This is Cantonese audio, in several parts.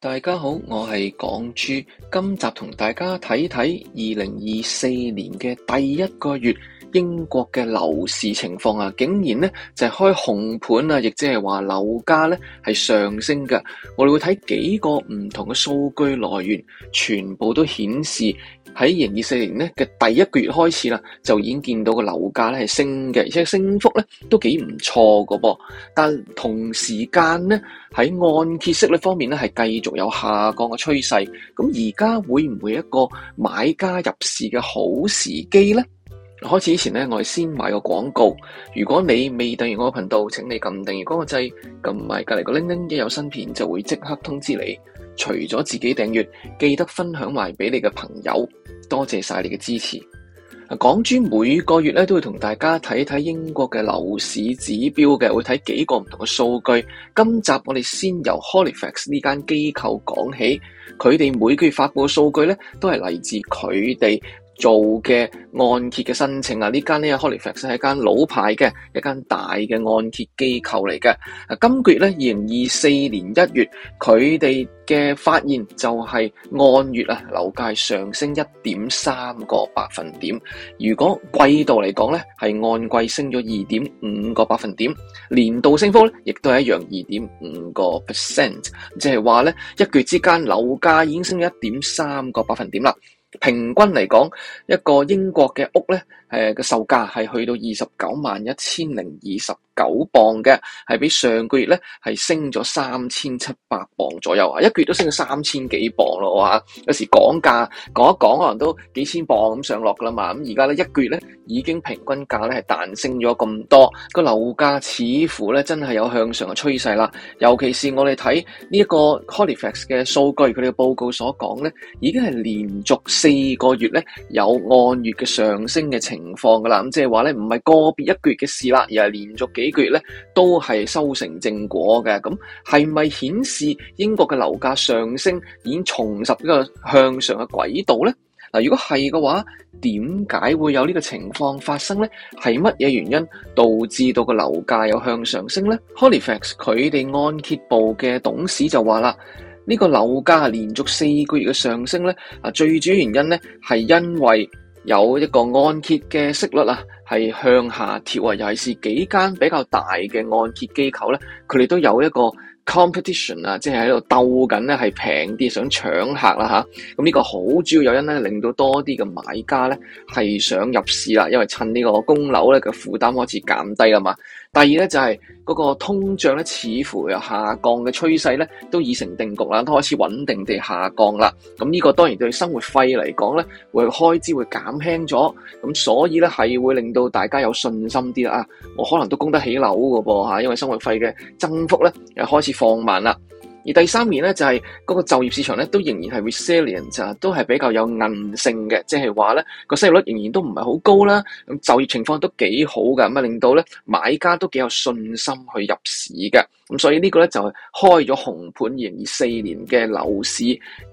大家好，我係港豬。今集同大家睇睇二零二四年嘅第一個月英國嘅樓市情況啊，竟然咧就係開紅盤啊，亦即係話樓價咧係上升嘅。我哋會睇幾個唔同嘅數據來源，全部都顯示。喺二零二四年咧嘅第一個月開始啦，就已經見到個樓價咧係升嘅，而且升幅咧都幾唔錯個噃。但同時間咧喺按揭息率方面咧係繼續有下降嘅趨勢。咁而家會唔會一個買家入市嘅好時機咧？開始之前咧，我哋先買個廣告。如果你未訂閱我嘅頻道，請你撳訂閱嗰個掣，撳埋隔離個鈴鈴，一有新片就會即刻通知你。除咗自己訂閱，記得分享埋俾你嘅朋友，多謝晒你嘅支持。港豬每個月咧都會同大家睇睇英國嘅樓市指標嘅，會睇幾個唔同嘅數據。今集我哋先由 Halifax 呢間機構講起，佢哋每個月發布嘅數據咧都係嚟自佢哋，做嘅按揭嘅申請啊，呢間呢個 Halifax 係一間老牌嘅一間大嘅按揭機構嚟嘅。啊，今個月咧，二零二四年一月佢哋嘅發現就係按月，啊樓價上升一點三個百分點。如果季度嚟講咧，係按季升咗二點五個百分點，年度升幅咧亦都係一樣二點五個 percent，即係話咧一月之間樓價已經升咗一點三個百分點啦。平均嚟講，一個英國嘅屋咧，誒嘅售價係去到二十九萬一千零二十九磅嘅，係比上個月咧係升咗三千七百磅左右啊！一個月都升咗三千幾磅咯，有時講價講一講可能都幾千磅咁上落噶啦嘛，咁而家咧一個月咧已經平均價咧係彈升咗咁多，個樓價似乎咧真係有向上嘅趨勢啦。尤其是我哋睇呢一個 Halifax 嘅數據，佢哋嘅報告所講咧，已經係連續四個月咧有按月嘅上升嘅情況噶啦。咁即係話咧，唔係個別一個月嘅事啦，而係連續幾。幾、這個月咧都係修成正果嘅，咁係咪顯示英國嘅樓價上升已經重拾呢個向上嘅軌道呢？嗱，如果係嘅話，點解會有呢個情況發生呢？係乜嘢原因導致到個樓價有向上升呢？Halifax 佢哋按揭部嘅董事就話啦，呢、這個樓價連續四個月嘅上升呢，啊，最主要原因呢係因為。有一個按揭嘅息率啊，係向下調啊，尤其係幾間比較大嘅按揭機構咧，佢哋都有一個 competition 啊，即係喺度鬥緊咧，係平啲想搶客啦吓，咁、啊、呢個好主要原因咧，令到多啲嘅買家咧係想入市啦，因為趁呢個供樓咧嘅負擔開始減低啊嘛。第二咧就係嗰個通脹咧，似乎又下降嘅趨勢咧，都已成定局啦，都開始穩定地下降啦。咁呢個當然對生活費嚟講咧，會開支會減輕咗。咁所以咧係會令到大家有信心啲啦。啊，我可能都供得起樓噶噃吓，因為生活費嘅增幅咧又開始放慢啦。而第三年咧就係個就業市場咧都仍然係 resilient 啊，都係比較有韌性嘅，即係話咧個失業率仍然都唔係好高啦，咁就業情況都幾好噶，咁啊令到咧買家都幾有信心去入市嘅，咁所以呢個咧就係開咗紅盤2024年嘅樓市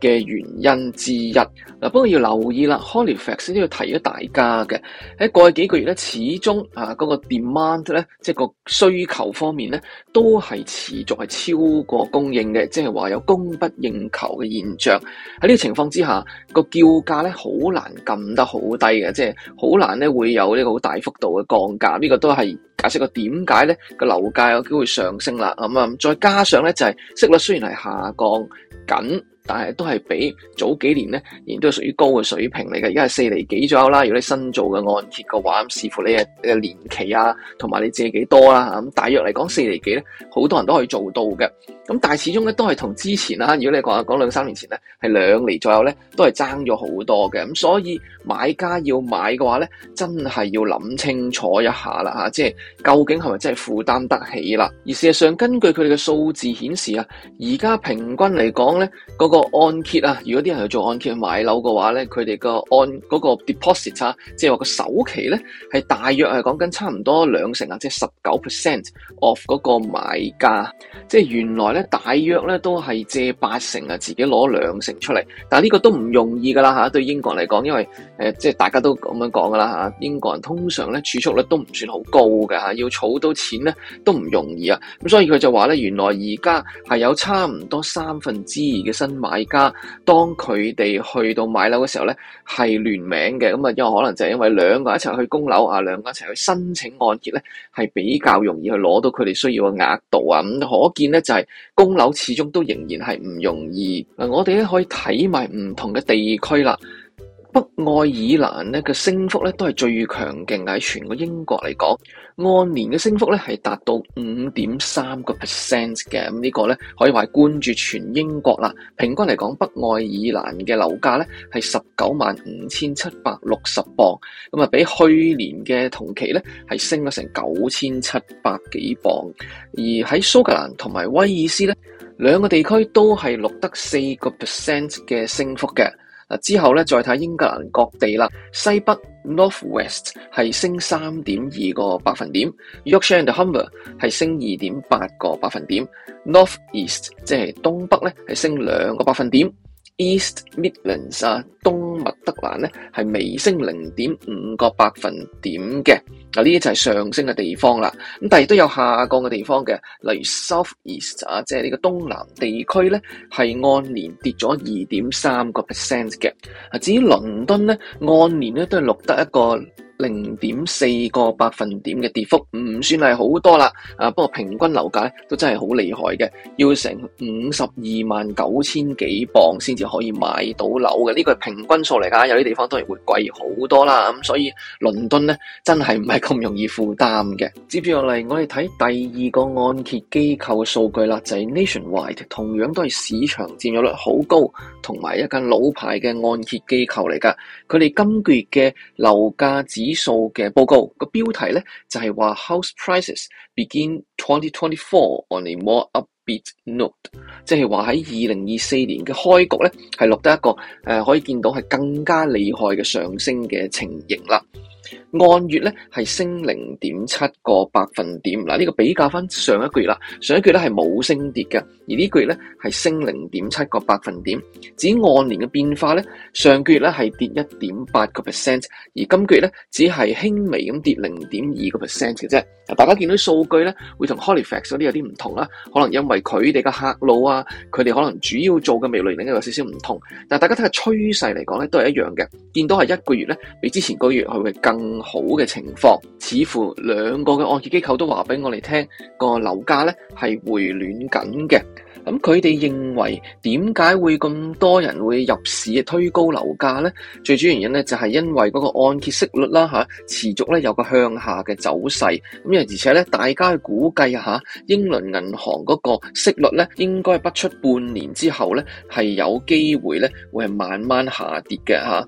嘅原因之一。嗱，不過要留意啦 Halifax 先都要提咗大家嘅喺過去幾個月咧，始終啊個 demand 咧即係個需求方面咧都係持續係超過供應嘅。即係話有供不應求嘅現象，喺呢個情況之下，個叫價咧好難撳得好低嘅，即係好難咧會有呢個好大幅度嘅降價，呢個都係解釋個點解咧個樓價有機會上升啦。咁啊，再加上咧就係息率雖然係下降緊，緊但係都係比早幾年咧，仍然都係屬於高嘅水平嚟嘅，而家係四厘幾左右啦。如果你新做嘅按揭嘅話，視乎你嘅年期啊，同埋你借幾多啦、吓，咁、嗯、大約嚟講四厘幾咧，好多人都可以做到嘅。咁但係始終咧都係同之前啦、啊，如果你講講兩三年前咧係兩厘左右咧，都係爭咗好多嘅。咁所以買家要買嘅話咧，真係要諗清楚一下啦吓、啊，即係究竟係咪真係負擔得起啦？而事實上根據佢哋嘅數字顯示啊，而家平均嚟講咧個個按揭啊，如果啲人去做按揭買樓嘅話咧，佢哋個按嗰個 deposit 啊，即係話個首期咧，係大約係講緊差唔多兩成啊，即係十九 percent of 嗰個買家，即係原來咧大約咧都係借八成啊，自己攞兩成出嚟。但係呢個都唔容易噶啦嚇，對英國人嚟講，因為誒即係大家都咁樣講噶啦嚇，英國人通常咧儲蓄率都唔算好高嘅嚇，要儲到錢咧都唔容易啊。咁所以佢就話咧，原來而家係有差唔多三分之二嘅身。買家當佢哋去到買樓嘅時候呢，係聯名嘅，咁啊，因為可能就係因為兩個一齊去供樓啊，兩個一齊去申請按揭呢係比較容易去攞到佢哋需要嘅額度啊。咁可見呢，就係供樓始終都仍然係唔容易。我哋咧可以睇埋唔同嘅地區啦。北愛爾蘭咧嘅升幅咧都係最強勁，喺全個英國嚟講，按年嘅升幅咧係達到五點三個 percent 嘅，咁呢個咧可以話係關注全英國啦。平均嚟講，北愛爾蘭嘅樓價咧係十九萬五千七百六十磅，咁啊比去年嘅同期咧係升咗成九千七百幾磅，而喺蘇格蘭同埋威爾斯咧兩個地區都係錄得四個 percent 嘅升幅嘅。之後咧，再睇英格蘭各地啦。西北 （North West） 係升三點二個百分點，Yorkshire and Humber 係升二點八個百分點，North East 即係東北咧係升兩個百分點。East Midlands 啊，東密德蘭咧係微升零點五個百分點嘅，嗱呢啲就係上升嘅地方啦。咁但係都有下降嘅地方嘅，例如 South East 啊，即係呢個東南地區咧係按年跌咗二點三個 percent 嘅。啊，至於倫敦咧，按年咧都係錄得一個零點四個百分點嘅跌幅，唔算係好多啦。啊，不過平均樓價咧都真係好厲害嘅，要成五十二萬九千幾磅先至可以買到樓嘅。呢個係平均數嚟㗎，有啲地方當然會貴好多啦。咁所以倫敦咧真係唔係咁容易負擔嘅。接住落嚟，我哋睇第二個按揭機構嘅數據啦，就係 Nationwide，同樣都係市場佔有率好高，同埋一間老牌嘅按揭機構嚟㗎。佢哋今個月嘅樓價指指數嘅報告個標題咧就係、是、話 House prices begin 2024 on a more upbeat note，即係話喺二零二四年嘅開局咧係錄得一個誒、呃、可以見到係更加厲害嘅上升嘅情形啦。按月咧係升零點七個百分點，嗱、這、呢個比較翻上一個月啦，上一個月咧係冇升跌嘅，而呢個月咧係升零點七個百分點。至於按年嘅變化咧，上個月咧係跌一點八個 percent，而今個月咧只係輕微咁跌零點二個 percent 嘅啫。啊，大家見到數據咧會同 Halifax 嗰啲有啲唔同啦，可能因為佢哋嘅客路啊，佢哋可能主要做嘅未來領域有少少唔同，但係大家睇下趨勢嚟講咧都係一樣嘅，見到係一個月咧比之前個月係會更更好嘅情況，似乎兩個嘅按揭機構都話俾我哋聽，個樓價呢係回暖緊嘅。咁佢哋認為點解會咁多人會入市推高樓價呢？最主要原因呢，就係因為嗰個按揭息率啦嚇，持續咧有個向下嘅走勢。咁而且呢，大家估計下，英倫銀行嗰個息率呢，應該不出半年之後呢，係有機會呢會係慢慢下跌嘅嚇。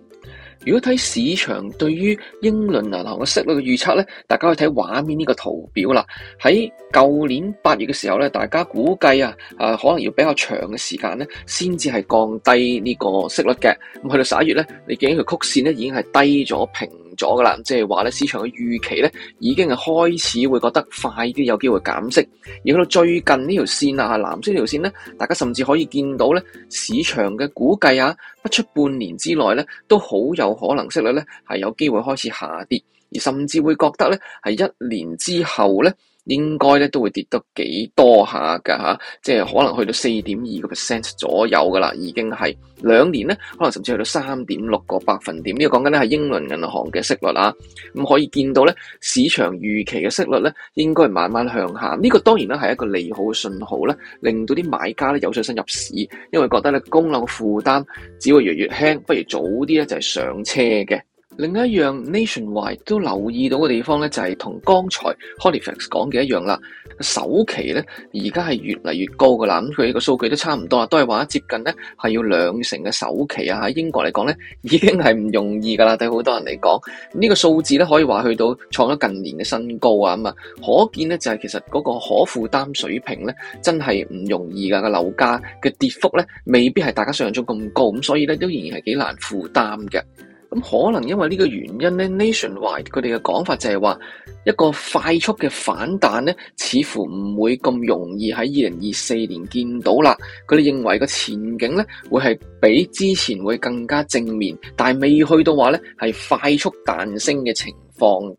如果睇市場對於英倫銀行嘅息率嘅預測咧，大家可以睇畫面呢個圖表啦。喺舊年八月嘅時候咧，大家估計啊，誒可能要比較長嘅時間咧，先至係降低呢個息率嘅。咁去到十一月咧，你見佢曲線咧已經係低咗平咗噶啦，即係話咧，市場嘅預期咧，已經係開始會覺得快啲有機會減息，而去到最近呢條線啊，藍色呢條線咧，大家甚至可以見到咧，市場嘅估計啊，不出半年之內咧，都好有可能息率咧係有機會開始下跌，而甚至會覺得咧係一年之後咧。應該咧都會跌得幾多下噶嚇，即係可能去到四點二個 percent 左右噶啦，已經係兩年咧，可能甚至去到三點六個百分點。呢個講緊咧係英倫銀行嘅息率啊，咁可以見到咧，市場預期嘅息率咧應該慢慢向下。呢個當然咧係一個利好嘅信號咧，令到啲買家咧有信心入市，因為覺得咧供樓嘅負擔只會越來越輕，不如早啲咧就係上車嘅。另一樣，Nationwide 都留意到嘅地方咧，就係同剛才 Halifax 講嘅一樣啦。首期咧，而家係越嚟越高噶啦。咁佢個數據都差唔多啊，都係話接近咧係要兩成嘅首期啊。喺英國嚟講咧，已經係唔容易噶啦。對好多人嚟講，這個、數字呢個數字咧可以話去到創咗近年嘅新高啊。咁啊，可見咧就係、是、其實嗰個可負擔水平咧，真係唔容易噶。個樓價嘅跌幅咧，未必係大家想象中咁高。咁所以咧都仍然係幾難負擔嘅。咁可能因為呢個原因咧，Nationwide 佢哋嘅講法就係話一個快速嘅反彈咧，似乎唔會咁容易喺二零二四年見到啦。佢哋認為個前景咧會係比之前會更加正面，但未去到話咧係快速彈升嘅情況。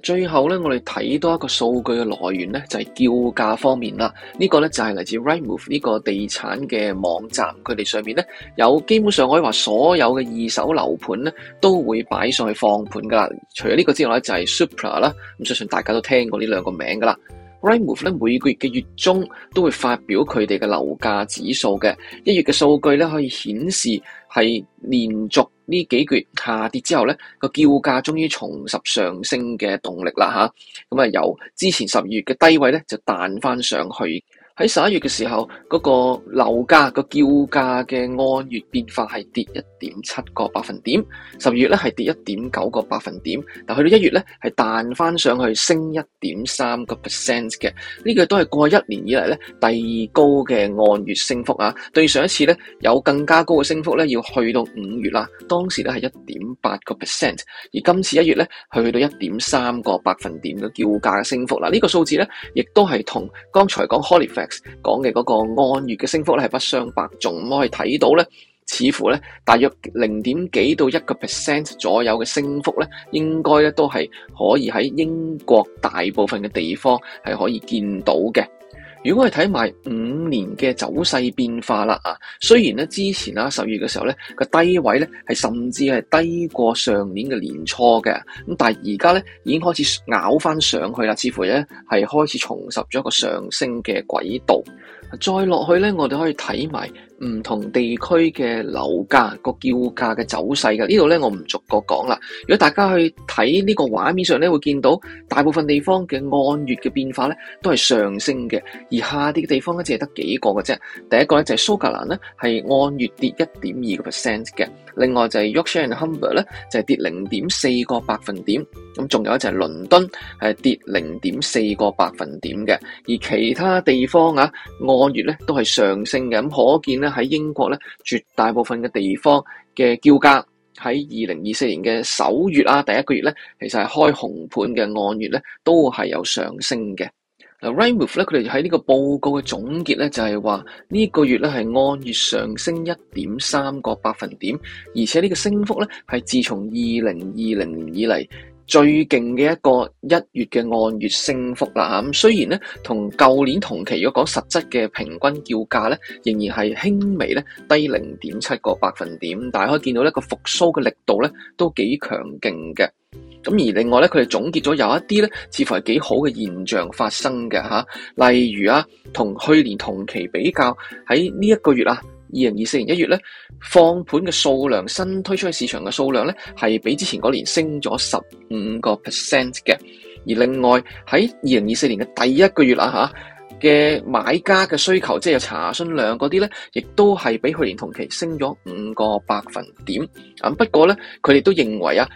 最後咧，我哋睇多一個數據嘅來源咧，就係、是、叫價方面啦。這個、呢個咧就係、是、嚟自 Rightmove 呢個地產嘅網站，佢哋上面咧有基本上可以話所有嘅二手樓盤咧都會擺上去放盤噶啦。除咗呢個之外咧，就係、是、Zoopla 啦，咁相信大家都聽過呢兩個名噶啦。Rightmove 咧每個月嘅月中都會發表佢哋嘅樓價指數嘅一月嘅數據咧，可以顯示係連續。呢幾個月下跌之後，呢個叫價終於重拾上升嘅動力啦吓，咁啊由之前十二月嘅低位咧就彈翻上去。喺十一月嘅時候，嗰、個樓價、個叫價嘅按月變化係跌一點七個百分點。十二月咧係跌一點九個百分點。但去到一月咧係彈翻上去升一點三個 percent 嘅。呢、呢個都係過一年以嚟咧第二高嘅按月升幅啊！對上一次咧有更加高嘅升幅咧，要去到五月啦。當時咧係一點八個 percent，而今次一月咧去到一點三個百分點嘅叫價嘅升幅、啊。嗱、呢個，呢個數字咧亦都係同剛才講講嘅嗰個按月嘅升幅咧係不相伯仲，可以睇到咧，似乎咧大約零點幾到一個 percent 左右嘅升幅咧，應該咧都係可以喺英國大部分嘅地方係可以見到嘅。如果係睇埋五年嘅走勢變化啦啊，雖然咧之前啦十月嘅時候咧個低位咧係甚至係低過上年嘅年初嘅，咁但係而家咧已經開始咬翻上去啦，似乎咧係開始重拾咗一個上升嘅軌道。再落去咧，我哋可以睇埋。唔同地區嘅樓價個叫價嘅走勢嘅，呢度咧我唔逐個講啦。如果大家去睇呢個畫面上咧，會見到大部分地方嘅按月嘅變化咧都係上升嘅，而下跌嘅地方咧只係得幾個嘅啫。第一個咧就係蘇格蘭咧係按月跌一點二個 percent 嘅，另外就係 Yorkshire and Humber 咧就係跌零點四個百分點。咁仲有就係倫敦係跌零點四個百分點嘅，而其他地方啊按月咧都係上升嘅，咁可見咧。喺英國咧，絕大部分嘅地方嘅叫價喺二零二四年嘅首月啊，第一個月咧，其實係開紅盤嘅按月咧，都係有上升嘅。嗱，Rightmove 咧，佢哋喺呢個報告嘅總結咧，就係話呢個月咧係按月上升一點三個百分點，而且呢個升幅咧係自從二零二零年以嚟，最勁嘅一個一月嘅按月升幅啦，咁雖然咧同舊年同期，如果講實質嘅平均叫價咧，仍然係輕微咧低零點七個百分點，但係可以見到呢個復甦嘅力度咧都幾強勁嘅。咁而另外咧，佢哋總結咗有一啲咧，似乎係幾好嘅現象發生嘅吓，例如啊，同去年同期比較喺呢一個月啊。二零二四年一月咧，放盤嘅數量、新推出嘅市場嘅數量咧，係比之前嗰年升咗十五個 percent 嘅。而另外喺二零二四年嘅第一個月啦嚇嘅買家嘅需求，即係查詢量嗰啲咧，亦都係比去年同期升咗五個百分點。咁不過咧，佢哋都認為啊。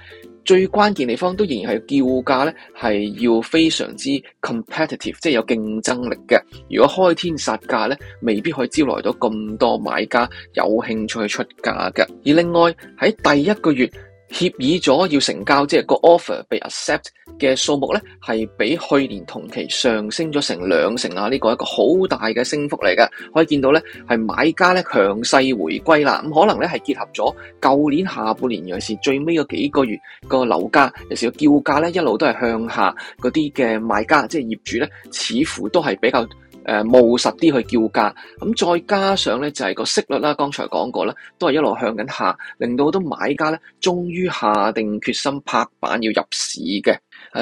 最關鍵地方都仍然係叫價咧，係要非常之 competitive，即係有競爭力嘅。如果開天殺價咧，未必可以招來到咁多買家有興趣去出價嘅。而另外喺第一個月。協議咗要成交，即係個 offer 被 accept 嘅數目咧，係比去年同期上升咗成兩成啊！呢、這個一個好大嘅升幅嚟嘅，可以見到咧係買家咧強勢回歸啦。咁可能咧係結合咗舊年下半年，尤其是最尾嗰幾個月個樓價，有時個叫價咧一路都係向下，嗰啲嘅買家即係業主咧，似乎都係比較。誒務實啲去叫價，咁再加上咧就係、是、個息率啦、啊，剛才講過啦，都係一路向緊下，令到好多買家咧終於下定決心拍板要入市嘅。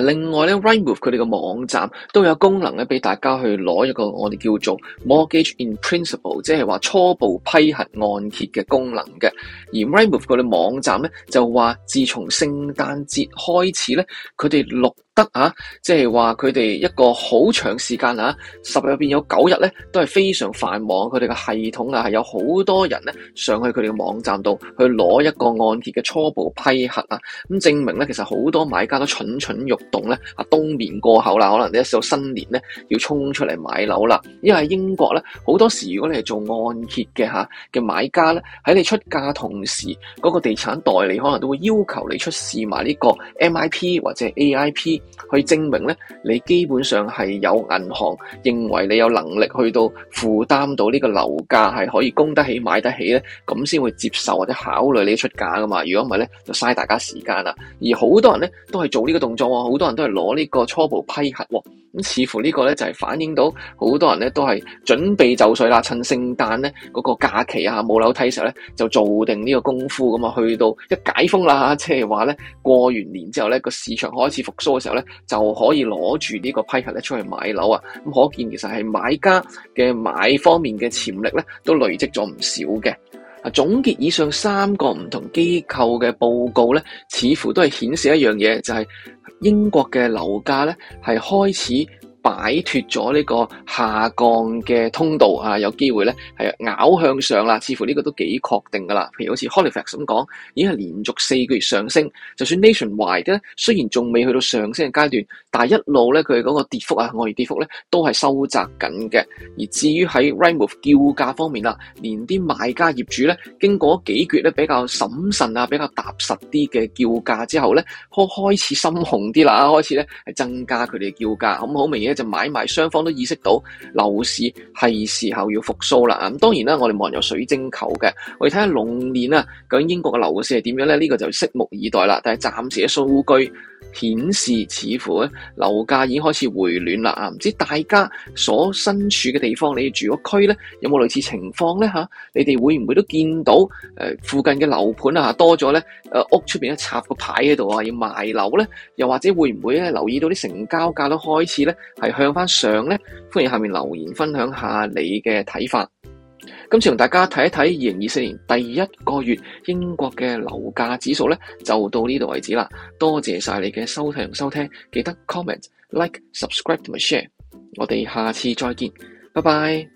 另外咧 Rightmove 佢哋嘅網站都有功能咧，俾大家去攞一個我哋叫做 Mortgage in Principle，即係話初步批核按揭嘅功能嘅。而 Rightmove 佢哋網站咧就話，自從聖誕節開始咧，佢哋六。得啊！即係話佢哋一個好長時間啊，十日入邊有九日咧，都係非常繁忙。佢哋個系統啊，係有好多人咧上去佢哋個網站度去攞一個按揭嘅初步批核啊。咁、啊、證明咧，其實好多買家都蠢蠢欲動咧。啊，冬眠過後啦，可能呢一到新年咧，要衝出嚟買樓啦。因為喺英國咧，好多時如果你係做按揭嘅吓嘅買家咧，喺你出價同時，嗰、那個地產代理可能都會要求你出示埋呢個 MIP 或者 AIP。去證明咧，你基本上係有銀行認為你有能力去到負擔到呢個樓價，係可以供得起買得起咧，咁先會接受或者考慮你出價噶嘛。如果唔係咧，就嘥大家時間啦。而好多人咧都係做呢個動作，好多人都係攞呢個初步批核。咁似乎呢個咧就係反映到好多人咧都係準備就緒啦，趁聖誕咧嗰個假期啊冇樓睇嘅時候咧就做定呢個功夫咁，啊，去到一解封啦，即係話咧過完年之後咧個市場開始復甦嘅時候。就可以攞住呢個批核咧出去買樓啊！咁可見其實係買家嘅買方面嘅潛力咧都累積咗唔少嘅。啊，總結以上三個唔同機構嘅報告咧，似乎都係顯示一樣嘢，就係英國嘅樓價咧係開始擺脫咗呢個下降嘅通道啊，有機會咧係咬向上啦，似乎呢個都幾確定㗎啦。譬如好似 Halifax 咁講，已經係連續四個月上升，就算 Nationwide 咧，雖然仲未去到上升嘅階段，但係一路咧佢哋嗰個跌幅啊，外跌幅咧都係收窄緊嘅。而至於喺 Rightmove 叫價方面啦，連啲賣家業主咧經過幾個月咧比較審慎啊，比較踏實啲嘅叫價之後咧，開開始深紅啲啦，開始咧係增加佢哋叫價，咁好明顯就買賣雙方都意識到樓市係時候要復蘇啦啊！咁當然啦，我哋冇人有水晶球嘅，我哋睇下龍年啊，究竟英國嘅樓市係點樣咧？呢個就拭目以待啦。但係暫時嘅數據顯示，似乎咧樓價已經開始回暖啦啊！唔知大家所身處嘅地方，你住個區咧，有冇類似情況咧？吓，你哋會唔會都見到誒？附近嘅樓盤啊，多咗咧？誒，屋出邊一插個牌喺度啊，要賣樓咧？又或者會唔會咧留意到啲成交價都開始咧？係向翻上咧？歡迎下面留言分享下你嘅睇法。今次同大家睇一睇二零二四年第一個月英國嘅樓價指數咧，就到呢度為止啦。多謝晒你嘅收睇同收聽，記得 comment、like、subscribe 同 share。我哋下次再見，拜拜。